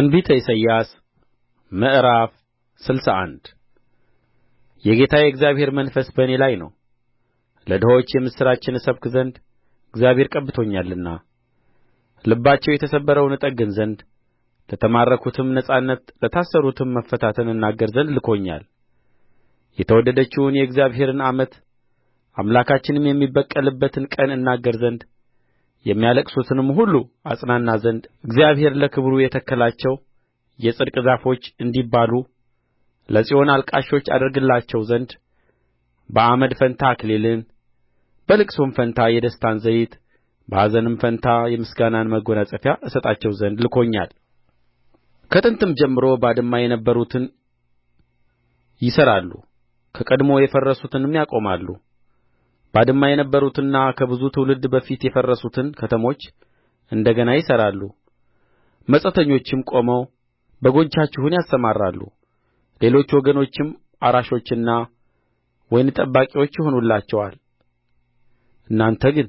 ትንቢተ ኢሳይያስ ምዕራፍ ስልሳ አንድ የጌታ የእግዚአብሔር መንፈስ በእኔ ላይ ነው ለድሆች የምሥራችን እሰብክ ዘንድ እግዚአብሔር ቀብቶኛልና ልባቸው የተሰበረውን እጠግን ዘንድ ለተማረኩትም ነጻነት ለታሰሩትም መፈታትን እናገር ዘንድ ልኮኛል የተወደደችውን የእግዚአብሔርን ዓመት አምላካችንም የሚበቀልበትን ቀን እናገር ዘንድ የሚያለቅሱትንም ሁሉ አጽናና ዘንድ እግዚአብሔር ለክብሩ የተከላቸው የጽድቅ ዛፎች እንዲባሉ ለጽዮን አልቃሾች አደርግላቸው ዘንድ በአመድ ፋንታ አክሊልን በልቅሶም ፋንታ የደስታን ዘይት በኀዘንም ፋንታ የምስጋናን መጐናጸፊያ እሰጣቸው ዘንድ ልኮኛል ከጥንትም ጀምሮ ባድማ የነበሩትን ይሠራሉ ከቀድሞ የፈረሱትንም ያቆማሉ ባድማ የነበሩትና ከብዙ ትውልድ በፊት የፈረሱትን ከተሞች እንደ ገና ይሠራሉ መጻተኞችም ቆመው በጎቻችሁን ያሰማራሉ ሌሎች ወገኖችም አራሾችና ወይን ጠባቂዎች ይሆኑላቸዋል እናንተ ግን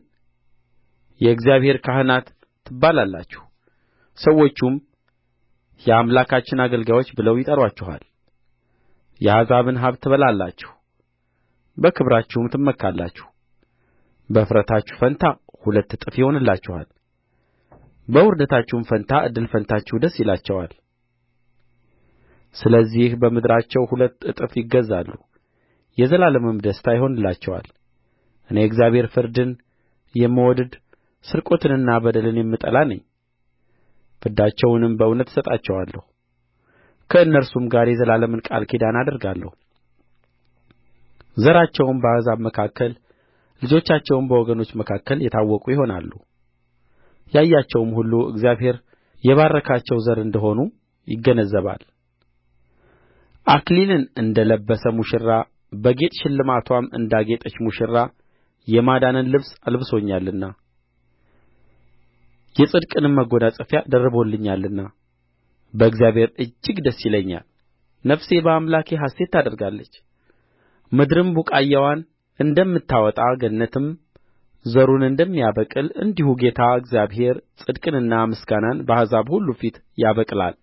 የእግዚአብሔር ካህናት ትባላላችሁ ሰዎቹም የአምላካችን አገልጋዮች ብለው ይጠሩአችኋል የአሕዛብን ሀብት ትበላላችሁ በክብራችሁም ትመካላችሁ በእፍረታችሁ ፋንታ ሁለት እጥፍ ይሆንላችኋል በውርደታችሁም ፋንታ እድል ፈንታችሁ ደስ ይላቸዋል ስለዚህ በምድራቸው ሁለት እጥፍ ይገዛሉ የዘላለምም ደስታ ይሆንላቸዋል እኔ እግዚአብሔር ፍርድን የምወድድ ስርቆትንና በደልን የምጠላ ነኝ ፍዳቸውንም በእውነት እሰጣቸዋለሁ ከእነርሱም ጋር የዘላለምን ቃል ኪዳን አደርጋለሁ ዘራቸውም በአሕዛብ መካከል ልጆቻቸውም በወገኖች መካከል የታወቁ ይሆናሉ ያያቸውም ሁሉ እግዚአብሔር የባረካቸው ዘር እንደ ሆኑ ይገነዘባል አክሊልን እንደ ለበሰ ሙሽራ በጌጥ ሽልማትዋም እንዳጌጠች ሙሽራ የማዳንን ልብስ አልብሶኛልና የጽድቅንም መጐናጸፊያ ደርቦልኛልና በእግዚአብሔር እጅግ ደስ ይለኛል ነፍሴ በአምላኬ ሐሤት ታደርጋለች ምድርም ቡቃያዋን እንደምታወጣ ገነትም ዘሩን እንደሚያበቅል እንዲሁ ጌታ እግዚአብሔር ጽድቅንና ምስጋናን በአሕዛብ ሁሉ ፊት ያበቅላል